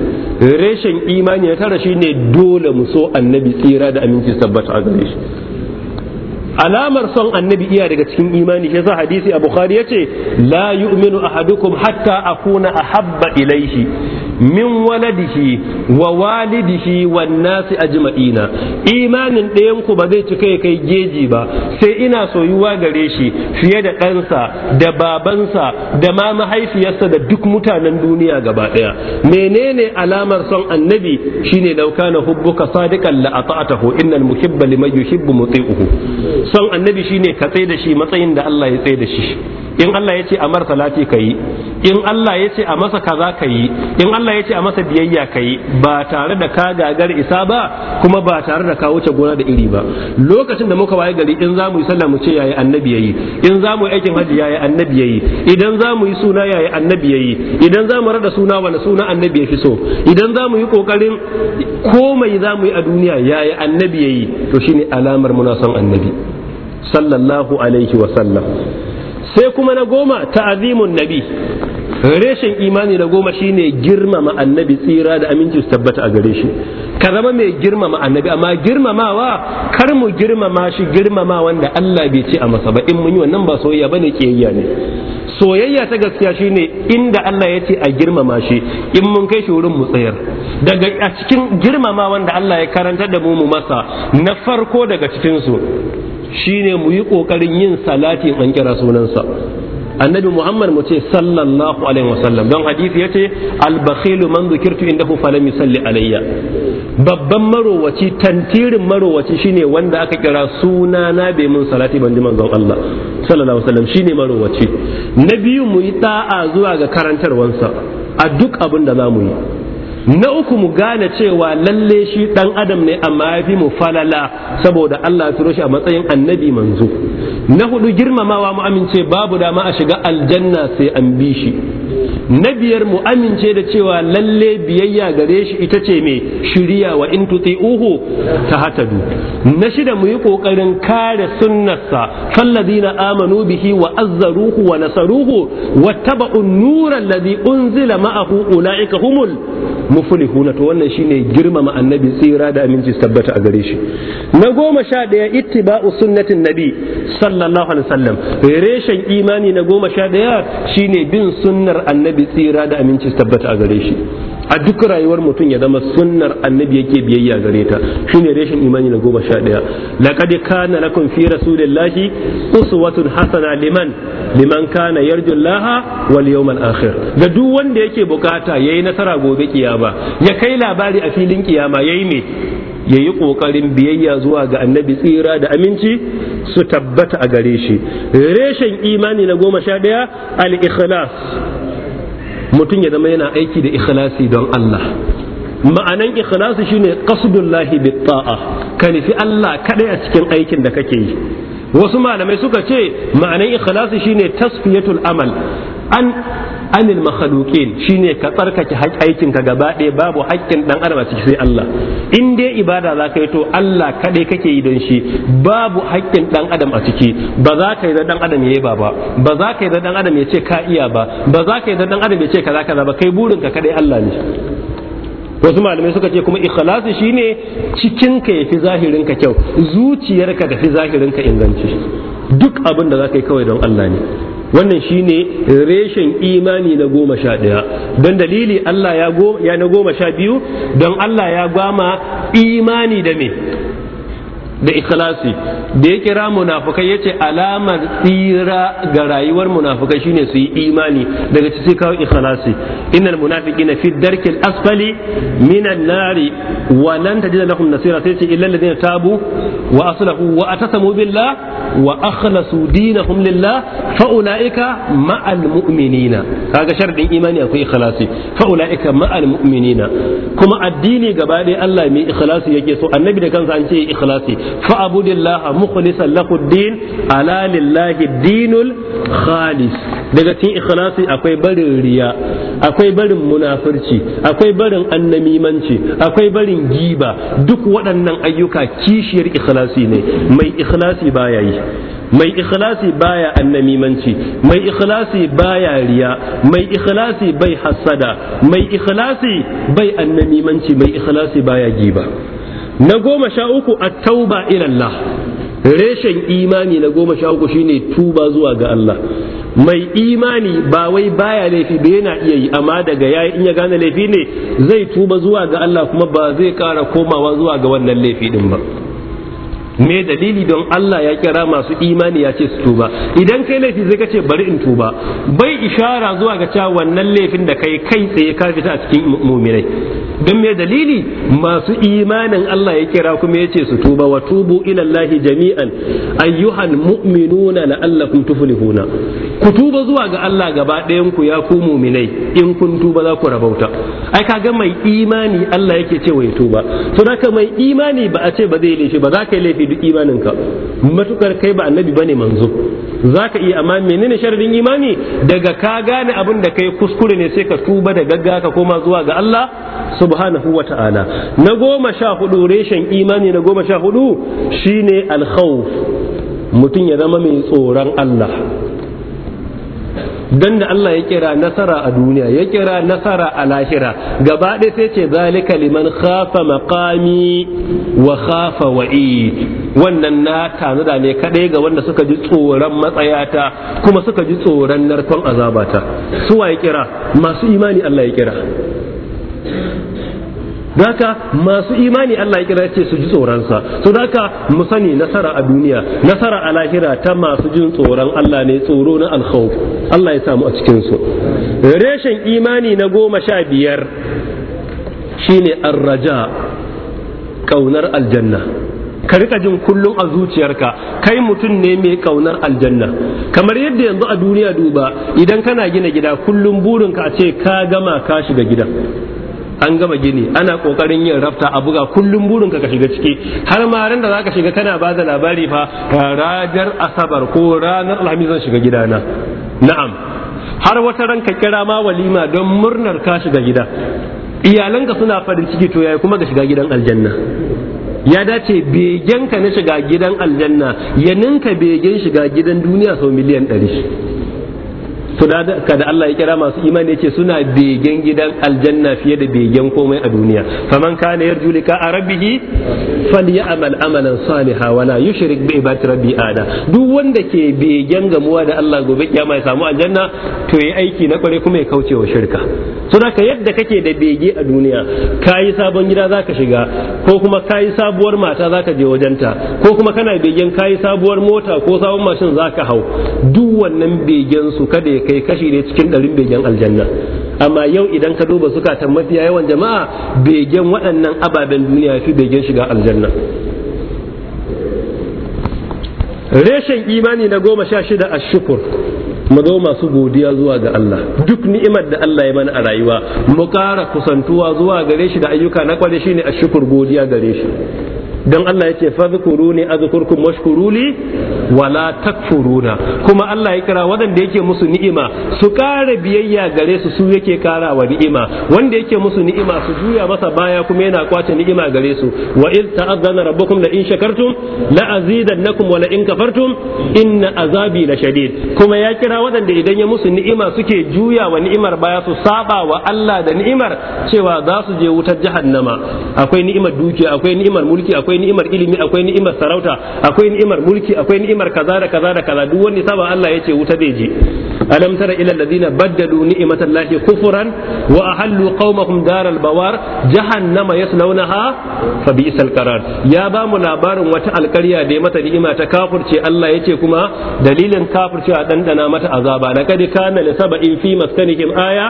reshen imani na tara shine dole mu so annabi tsira da aminci tabbata a gare shi alamar son annabi iya daga cikin imani shi yasa hadisi a khari yace la yu'minu ahadukum hatta akuna ahabba ilaihi min waladihi wa walidihi wan nasi ajma'ina imanin ɗayan ku ba zai cika kai geji ba sai ina soyuwa gare shi fiye da ɗansa da babansa da ma mahaifiyarsa da duk mutanen duniya gaba ɗaya menene alamar son annabi shine na hubbuka sadiqan la ata'tahu innal muhibba liman yuhibbu muti'uhu son annabi shine ka tsaye da shi matsayin da Allah ya tsaye da shi in Allah ya ce a mar salati ka yi in Allah ya ce a masa kaza ka yi in Allah ya ce a masa biyayya ka yi ba tare da ka gagar isa ba kuma ba tare da ka wuce gona da iri ba lokacin da muka waye gari in za mu yi sallah mu ce yayi annabi yayi in za mu yi aikin hajji yayi annabi yayi idan za mu yi suna yayi annabi yayi idan za mu rada suna wani suna annabi ya fi so idan za mu yi kokarin komai za mu yi a duniya yayi annabi yayi to shine alamar muna son annabi sallallahu alaihi wasallam sai kuma na goma ta'azimun nabi reshen imani da goma shine girmama annabi tsira da aminci su tabbata a gare shi ka zama mai girmama annabi amma girmamawa kar mu girmama shi girmama wanda Allah bai ce a masa ba in mun yi wannan ba soyayya bane kiyayya ne soyayya ta gaskiya shine inda Allah ya ce a girmama shi in mun kai shi wurin mu tsayar daga a cikin girmama wanda Allah ya karanta da mu mu masa na farko daga cikin su shine mu yi kokarin yin salati an kira sunansa annabi muhammad mu ce sallallahu alaihi wasallam don hadisi ya ce albakhilu man dhukirtu indahu falam yusalli alayya babban marowaci tantirin marowaci shine wanda aka kira suna na bai mun salati ban ji manzon Allah sallallahu alaihi wasallam shine marowaci na biyu mu yi ta'a zuwa ga karantarwansa a duk abin da za mu yi na uku mu gane cewa lalle shi dan adam ne amma ya fi mu falala saboda Allah ya turo shi a matsayin annabi manzo na hudu girmamawa mu amince babu dama a shiga aljanna sai an bi shi na biyar mu amince da cewa lalle biyayya gare shi ita ce mai shirya wa in ta hatadu na shida mu yi kokarin kare sunnarsa na amanu bihi wa azzaruhu wa nasaruhu wa an-nura alladhi unzila ma'ahu ulaika humul muflihuna to wannan shine girmama annabi tsira da aminci tabbata a gare shi na goma sha daya ittiba'u sunnatin nabi sallallahu alaihi wasallam reshen imani na goma sha daya shine bin sunnar annabi bi tsira da aminci tabbata a gare shi a duk rayuwar mutum ya zama sunnar annabi yake biyayya gare ta shine reshen imani na goma sha ɗaya laqad kana lakum fi rasulillahi uswatun hasana liman liman kana yarjullaha laha wal yawmal akhir ga duk wanda yake bukata yayi nasara gobe kiyama ya kai labari a filin kiyama yayi ne ya yi ƙoƙarin biyayya zuwa ga annabi tsira da aminci su tabbata a gare shi reshen imani na goma sha ɗaya al-ikhlas mutum ya zama yana aiki da ikhlasi don Allah ma'anan ikhlasi shine qasdullahi bi ta'a ka nufi Allah kadai a cikin aikin da kake yi wasu malamai suka ce ma'anan ikhlasi shine tasfiyatul amal an anil makhluqin shine ka tsarkake aikin ka gaba ɗaya babu haƙƙin dan adam a ciki sai Allah in dai ibada za ka yi to Allah kaɗai kake yi don shi babu haƙƙin dan adam a ciki ba za ka yi da dan adam yayi ba ba ba za ka yi da dan adam ya ce ka iya ba ba za ka yi da dan adam ya ce kaza kaza ba kai burin ka kaɗai Allah ne wasu malamai suka ce kuma ikhlasi shine cikin ka ya fi ka kyau zuciyarka da fi ka inganci duk abin da za ka yi kawai don Allah ne wannan shine reshen imani na goma sha ɗaya don dalili Allah ya na goma sha biyu don Allah ya gwama imani da me da ikhlasi da ya kira munafukai ya ce alamar tsira ga rayuwar munafukai shine su yi imani daga ciki kawo ikhlasi innal na fi darkil asfali minan nari wa lan tajida lahum nasira sai ce illa alladhina tabu wa aslahu wa atasamu billah wa akhlasu dinahum lillah fa ulaika ma'al mu'minina kaga sharadin imani akwai ikhlasi fa ulaika ma'al mu'minina kuma addini gaba ɗaya Allah mai ikhlasi yake so annabi da kansa an ce ikhlasi fa'budillaha mukhlishan lahu din ala lillahi dinul khalis daga cikin ikhlasi akwai barin riya akwai barin munafurci akwai barin annamimanci akwai barin giba duk waɗannan ayyuka kishiyar ikhlasi ne mai ikhlasi baya yi mai ikhlasi baya annamimanci mai ikhlasi baya riya mai ikhlasi bai hasada mai ikhlasi bai annamimanci mai ikhlasi baya giba na goma sha uku a tauba ilallah reshen imani na goma sha uku shine tuba zuwa ga Allah mai imani ba wai baya laifi ba yana iya yi amma daga yayi in ya gane laifi ne zai tuba zuwa ga Allah kuma ba zai kara komawa zuwa ga wannan laifi din ba me dalili don Allah ya kira masu imani ya ce su tuba idan kai laifi zai kace bari in tuba bai ishara zuwa ga cewa wannan laifin da kai kai tsaye ka fita a cikin muminai don me dalili masu imanin Allah ya kira kuma ya ce su tuba wa tubu ila Allah jami'an ayyuhan mu'minuna la'allakum tuflihuna ku tuba zuwa ga Allah gaba ɗayan ku ya ku muminai in kun tuba za ku rabauta ai kaga mai imani Allah yake cewa ya tuba to haka mai imani ba a ce ba zai laifi ba za ka yi laifi duk imaninka matukar kai ba annabi bane manzo zaka iya amma menene sharadin imani daga ka gane abin da kai kuskure ne sai ka tuba da gagga ka koma zuwa ga Allah subhanahu wa ta'ala na goma sha hudu reshen imani na goma sha hudu shine alkhawf mutum ya zama mai tsoron Allah dan da Allah ya kira nasara a duniya ya kira nasara a lahira gaba ɗaya sai ce zalika liman khafa maqami wa khafa wa'id wannan na tanada ne kadai ga wanda suka ji tsoron matsayata kuma suka ji tsoron narkon azabata su wa ya kira masu imani Allah ya kira haka masu imani Allah ya kira ce su ji tsoronsa su haka mu sani nasara a duniya nasara a lahira ta masu jin tsoron Allah ne tsoro na alkhawf Allah ya samu a cikin su reshen imani na goma sha biyar shine arraja kaunar aljanna ka rika jin kullum a zuciyarka kai mutum ne mai kaunar aljanna kamar yadda yanzu a duniya duba idan kana gina gida kullum burinka a ce ka gama ka shiga gidan an gama gini ana kokarin yin rafta a buga kullum burinka ka shiga ciki har ma ran da zaka shiga kana ba da labari fa rajar asabar ko ranar alhamis zan shiga gidana na'am har wata ran ka kira ma walima don murnar ka shiga gida iyalanka suna farin ciki to yayi kuma ka shiga gidan aljanna ya dace begenka na shiga gidan aljanna ya ninka begen shiga gidan duniya sau miliyan ɗari to da ka da Allah ya kira masu imani yace suna begen gidan aljanna fiye da begen komai a duniya faman kana yarju lika a rabbihi falyamal amalan salihan wa la yushrik bi ibadati rabbi ada duk wanda ke begen gamuwa da Allah gobe kiyama ya samu aljanna to yayi aiki na kware kuma ya kauce wa shirka so ka yadda kake da bege a duniya kayi sabon gida zaka shiga ko kuma kayi sabuwar mata zaka je wajenta ko kuma kana begen kayi sabuwar mota ko sabon mashin zaka hau duk wannan begen su kada ya kai kashi ne cikin ɗarin begen aljanna amma yau idan ka duba ta mafiya yawan jama'a begen waɗannan ababen duniya fi begen shiga aljanna reshen imani na goma sha shida a shukur mu zo masu godiya zuwa ga Allah duk ni'imar da Allah ya mana a rayuwa mu kara kusantuwa zuwa gare shi da ayyuka na kwale shine a shukur godiya gare shi dan Allah yace fadhkuruni azkurkum washkuruli wala takfuruna kuma Allah ya kira waɗanda yake musu ni'ima su kare biyayya gare su su yake karawa ni'ima wanda yake musu ni'ima su juya masa baya kuma yana kwace ni'ima gare su wa il ta'azzana rabbukum la in shakartum la azidannakum wa la in kafartum inna azabi la shadid kuma ya kira waɗanda idan ya musu ni'ima suke juya wa ni'imar baya su saba wa Allah da ni'imar cewa za su je wutar jahannama akwai ni'imar dukiya akwai ni'imar mulki akwai ni'imar ilimi akwai ni'imar sarauta akwai ni'imar mulki akwai ni'imar kaza da kaza da kaza duk wani saba Allah yace wuta bai je alam tara ila alladhina baddalu ni'matallahi kufran wa ahallu qaumahum daral bawar jahannama yaslawnaha fa bi'sal qarar ya ba mu labarin wata alƙarya da ya mata ni'ima ta kafirce Allah yace kuma dalilin kafurce a dandana mata azaba laqad kana li sab'in fi maskanihim aya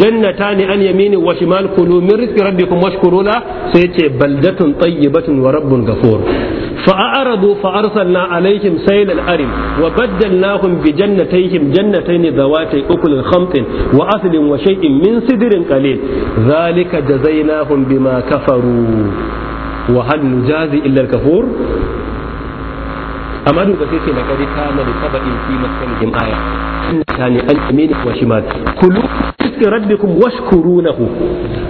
jannatani an yamini wa shimal kulu min rizqi rabbikum washkuruna sai yace baldatun tayyibatun wa rabbun ghafur فأعرضوا فأرسلنا عليهم سيل الأرم وبدلناهم بجنتيهم جنتين ذواتي أكل خمط وأثل وشيء من سدر قليل ذلك جزيناهم بما كفروا وهل نجازي إلا الكفور أما دوبا سيسي لقد كان لسبأ في مسكنهم آية يعني أن يمين وشمال كلوا ربكم واشكرونه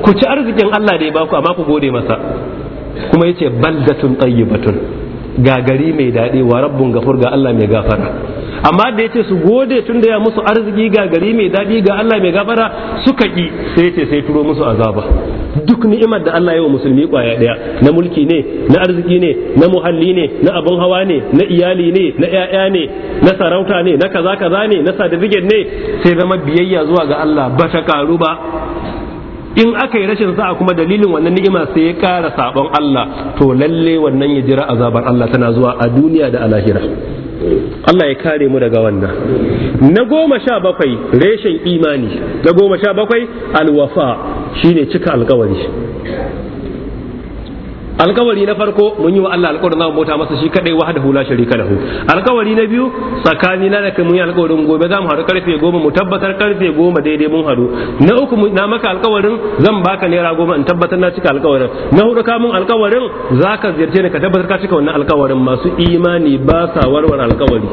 كتأرزك أن الله ديباكم أما كبودي مساء kuma yace baldatun tayyibatun ga gari mai daɗi wa rabbun gafur ga Allah mai gafara amma da yace su gode tun da ya musu arziki ga gari mai daɗi ga Allah mai gafara suka ki sai yace sai turo musu azaba duk ni'imar da Allah ya wa musulmi kwaya daya na mulki ne na arziki ne na muhalli ne na abun hawa ne na iyali ne na ƴaƴa ne na sarauta ne na kaza kaza ne na certificate ne sai zama biyayya zuwa ga Allah ba ta karu ba in aka yi rashin sa'a kuma dalilin wannan ni'ima sai ya ƙara sabon Allah to lalle wannan ya jira azabar Allah tana zuwa a duniya da alahira. Allah ya kare mu daga wannan na goma sha bakwai reshen imani na goma sha bakwai alwafa shine cika alkawari alkawari na farko mun yi wa Allah alkawarin mu bauta masa shi kadai hadahu hula sharika lahu alkawari na biyu tsakani na da mun yi alkawarin gobe mu haɗu karfe goma mu tabbatar karfe goma daidai mun haɗu na uku na maka alkawarin zan baka naira goma in tabbatar na cika alkawarin na hudu ka mun alkawarin ka ziyarce ni ka tabbatar ka cika wannan alkawarin masu imani ba sa warware alkawari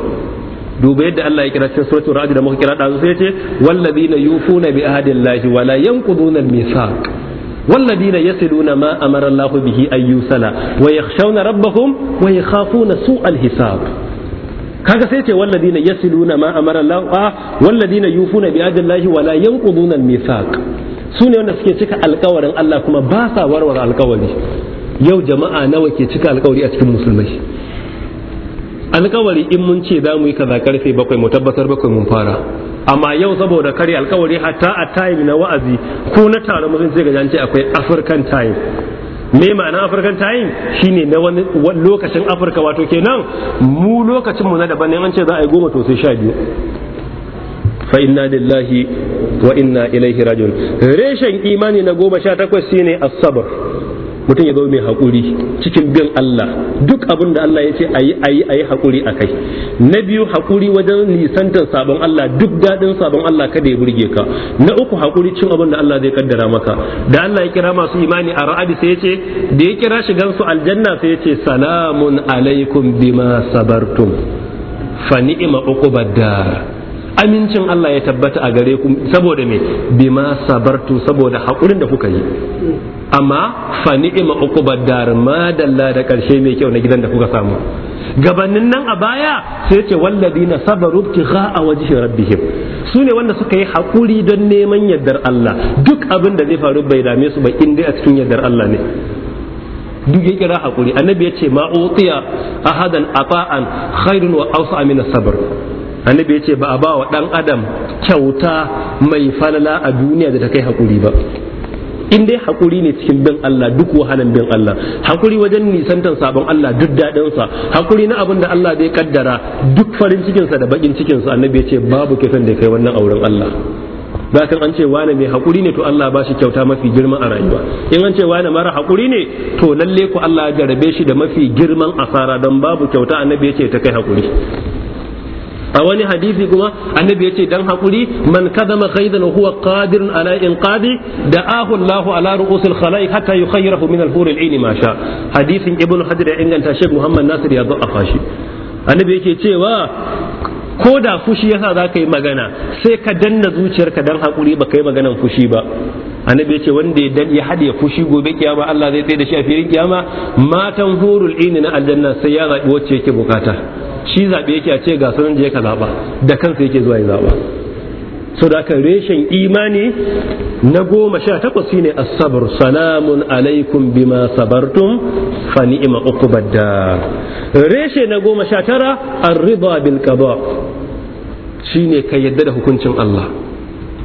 duba yadda Allah ya kira cikin suratul ra'd da muka kira dazu sai ya ce wallazina yufuna bi ahdillahi wa la yanquduna al-mithaq والذين يصلون ما أمر الله به أن يوصل ويخشون ربهم ويخافون سوء الحساب kaga sai ce walladina yasiluna ma amara Allah walladina yufuna bi ajallahi wala yanquduna al-mithaq sune wanda suke cika alkawarin Allah kuma ba sa warware alkawari yau jama'a nawa ke cika alkawari a cikin musulmai alkawari in mun ce za mu yi kaza karfe bakwai mu tabbatar bakwai mun fara amma yau saboda kare alkawari hatta a time na wa'azi ko na taron mutum sai ga ce akwai african time me ma'ana african time shine na wani lokacin afirka wato kenan mu lokacin mu na daban ne an ce za a yi goma to sai sha biyu fa inna lillahi wa inna ilaihi rajiun reshen imani na goma sha takwas shine as-sabr mutum ya zama mai haƙuri cikin bin Allah duk abin da Allah ya ce ayi ayi ayi haƙuri a kai na biyu haƙuri wajen nisantar sabon Allah duk daɗin sabon Allah kada ya burge ka na uku haƙuri cin abin da Allah zai kaddara maka da Allah ya kira masu imani a ra'adi sai ya ce da ya kira shigan su aljanna sai ya ce salamun alaikum bima sabartum fa ni'ma uqubad amincin Allah ya tabbata a gare ku saboda me bima sabartu saboda haƙurin da kuka yi amma fa ni'ima uqubad dar ma dalla da karshe mai kyau na gidan da kuka samu gabanin nan a baya sai ce walladina sabaru ibtigha a wajhi rabbihim su ne wanda suka yi hakuri don neman yardar Allah duk abin da zai faru bai dame su ba in dai a cikin yardar Allah ne duk ya kira hakuri annabi ya ce ma utiya ahadan ata'an khairun wa awsa min sabr annabi ya ce ba a ba wa dan adam kyauta mai falala a duniya da ta kai hakuri ba in dai hakuri ne cikin bin Allah duk wahalan bin Allah hakuri wajen nisantan sabon Allah duk daɗin sa hakuri na abin da Allah zai kaddara duk farin cikin sa da bakin cikin sa annabi ya ce babu kisan da kai wannan auren Allah da kan an ce wani mai hakuri ne to Allah ba shi kyauta mafi girma a rayuwa in an ce wani mara hakuri ne to lalle ku Allah ya jarabe shi da mafi girman asara don babu kyauta annabi ya ce ta kai hakuri a wani hadisi kuma annabi yace dan hakuri man kadama ghaidan huwa qadirun ala inqadi da'ahu Allah ala ru'usil khalai hatta yukhayyirahu min al al ayn ma sha hadisin ibnu hajar ya inganta shaykh Muhammad Nasir ya da'afa shi annabi yake cewa ko da fushi yasa za ka yi magana sai ka danna zuciyarka dan hakuri ba ka yi maganan fushi ba annabi ya ce wanda ya dan ya fushi gobe kiyama Allah zai tsaye da shi a filin kiyama matan hurul ayn na aljanna sai ya zabi wacce yake bukata shi zaɓe yake a ce ga sunan da yake zaɓa da kansa yake zuwa ya zaɓa so da aka reshen imani na goma sha takwas shine asabar salamun alaikum bima sabartum fa ni'ma badda. reshe na goma sha tara arriba bil qada shine ka yadda da hukuncin Allah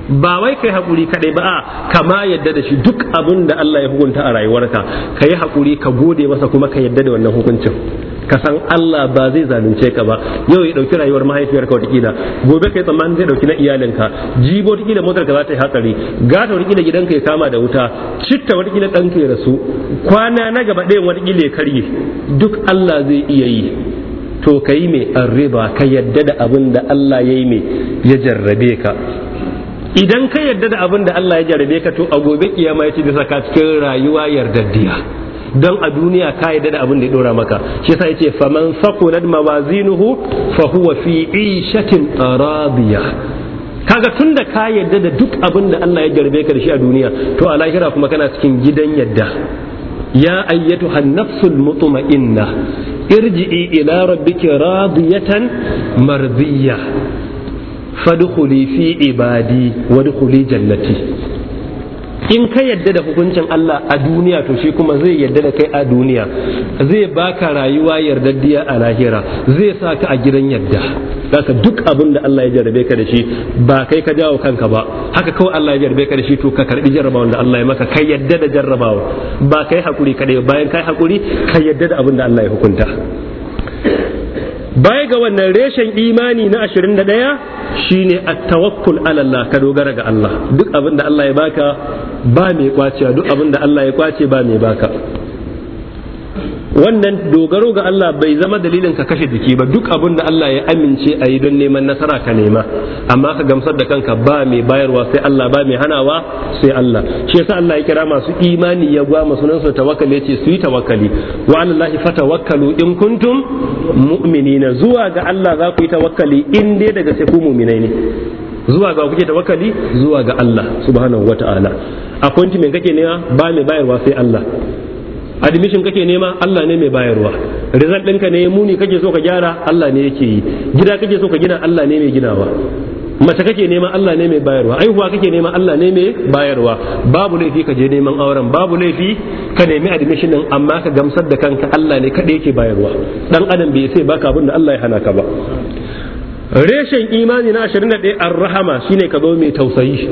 ba wai kai hakuri kaɗai ba kama yadda da shi duk abin da Allah ya hukunta a rayuwarka ka yi hakuri ka gode masa kuma ka yadda da wannan hukuncin ka san Allah ba zai zalunce ka ba yau ya ɗauki rayuwar mahaifiyarka watakila gobe kai tsammanin zai dauki na iyalinka jibo watakila motar ka za ta yi hatsari gata watakila gidanka ya kama da wuta citta watakila ɗanka ya rasu kwana na gaba ɗaya wani watakila ya karye duk Allah zai iya yi to ka yi mai arriba ka yadda da abin da Allah ya yi mai ya jarrabe ka idan ka yarda da abin da Allah ya jarabe ka to a gobe kiyama yace bisa ka cikin rayuwa yardaddiya don a duniya ka yarda da abin da ya dora maka shi yasa yace faman saqulat mawazinuhu fa huwa fi 'ishatin radiya kaga tun da ka yarda da duk abin da Allah ya jarabe ka da shi a duniya to a lahira kuma kana cikin gidan yadda. ya ayyatu han nafsul mutma'inna irji'i ila rabbiki radiyatan mardiyya fadkhuli fi ibadi dkhuli jannati in ka yadda da hukuncin Allah a duniya to shi kuma zai yadda da kai a duniya zai baka rayuwa yardaddiya a lahira zai sa ka a gidan yadda zaka duk abin da Allah ya jarrabe ka da shi ba kai ka jawo kanka ba haka kawai Allah ya jarrabe ka da shi to ka karbi jarrabawan da Allah ya maka kai yadda da jarrabawa ba kai hakuri kadai bayan kai hakuri ka yadda da abin da Allah ya hukunta baya ga wannan reshen imani na 21 shine at-tawakkul ala Allah ka dogara ga Allah duk abinda Allah ya baka ba mai kwaciya duk abin da Allah ya kwace ba mai baka wannan dogaro ga Allah bai zama dalilin ka kashe jiki ba duk abin da Allah ya amince a yi don neman nasara ka nema amma ka gamsar da kanka ba mai bayarwa sai Allah ba mai hanawa sai Allah shi yasa Allah ya kira masu imani ya gwa masu nan su tawakkale ce su yi tawakkali wa alallahi fatawakkalu in kuntum mu'minina zuwa ga Allah za ku yi tawakkali in dai daga sai ku mu'minai ne zuwa ga kuke tawakkali zuwa ga Allah subhanahu wata'ala appointment kake nema ba mai bayarwa sai Allah admission kake nema Allah ne mai bayarwa result ɗinka ne muni kake so ka gyara Allah ne yake yi gida kake so ka gina Allah ne mai ginawa mace kake nema Allah ne mai bayarwa aihuwa kake nema Allah ne mai bayarwa babu laifi ka je neman auren babu laifi ka nemi admission din amma ka gamsar da kanka Allah ne kaɗai yake bayarwa dan adam bai sai baka abin da Allah ya hana ka ba reshen imani na 21 ar-rahama shine ka zo mai tausayi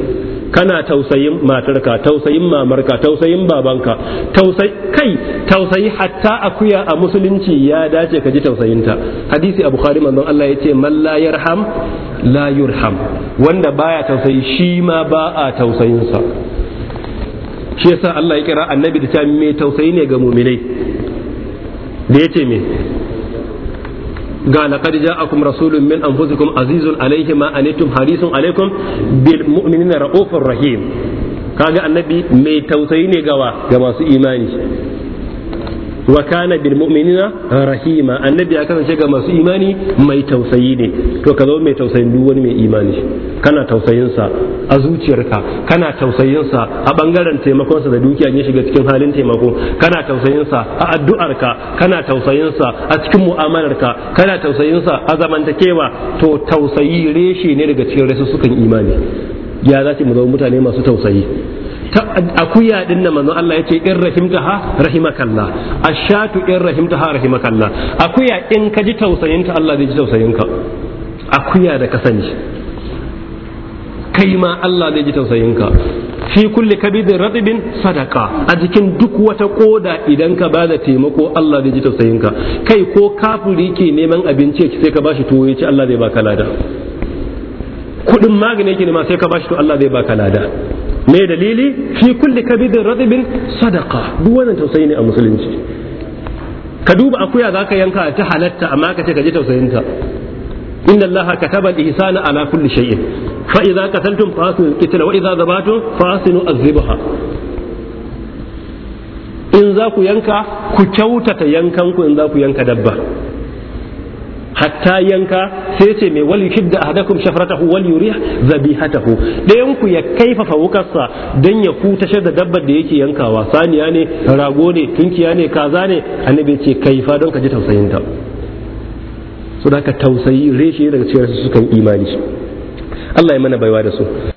kana tausayin matarka tausayin mamarka tausayin babanka tausayi kai tausayi hatta akuya a musulunci ya dace ka ji tausayinta hadisi abu bukhari manzon Allah ya ce man la yarham la yurham wanda baya tausayi shi ma ba a tausayinsa shi yasa Allah ya kira annabi da ta mai tausayi ne ga muminai da ya ce me ga laqad ja'akum rasulun min anfusikum azizun alayhi ma anitum harisun alaykum bil mu'minina raufur rahim kaga annabi mai tausayi ne gawa ga masu imani wa kana bil mu'minina rahima annabi ya kasance ga masu imani mai tausayi ne to ka zo mai tausayin duk wani mai imani kana tausayin sa a zuciyarka kana tausayin sa a bangaren taimakon sa da dukiya ya shiga cikin halin taimako kana tausayin sa a addu'arka kana tausayin sa a cikin mu'amalarka kana tausayin sa a zamantakewa to tausayi reshe ne daga cikin sukan imani ya zace mu zama mutane masu tausayi akuya din nan manzon Allah yace in rahimtaha rahimakallah ashatu in rahimtaha rahimakallah akuya in ka ji tausayinta Allah zai ji tausayinka akuya da ka sani kai ma Allah zai ji tausayinka fi kulli kabidin radibin sadaka a jikin duk wata koda idan ka bada taimako Allah zai ji tausayinka kai ko kafuri ke neman abinci sai ka bashi tuwo ya ce Allah zai baka lada kudin magani yake nema sai ka bashi to Allah zai baka lada me dalili fi kulli kabidin radibin sadaka duk wannan tausayi ne a musulunci ka duba akuya za ka yanka ta halatta amma ka ce ka ji tausayinta inna allaha kataba al-ihsana ala kulli shay'in fa idza qataltum fasinu al-qitla wa idza zabatum fasinu az-zibha in za ku yanka ku kyautata yankanku in za ku yanka dabba hatta yanka sai ce mai wali yuhidda ahadakum shafratahu wal yurih zabihatahu ɗayan ku ya kaifafa wukarsa don ya kutashar da dabbar da yake yankawa saniya ne rago ne tunkiya ne kaza ne annabi ce kaifa don ka ji tausayin ta so da ka tausayi reshe daga cikin su sukan imani Allah ya mana baiwa da su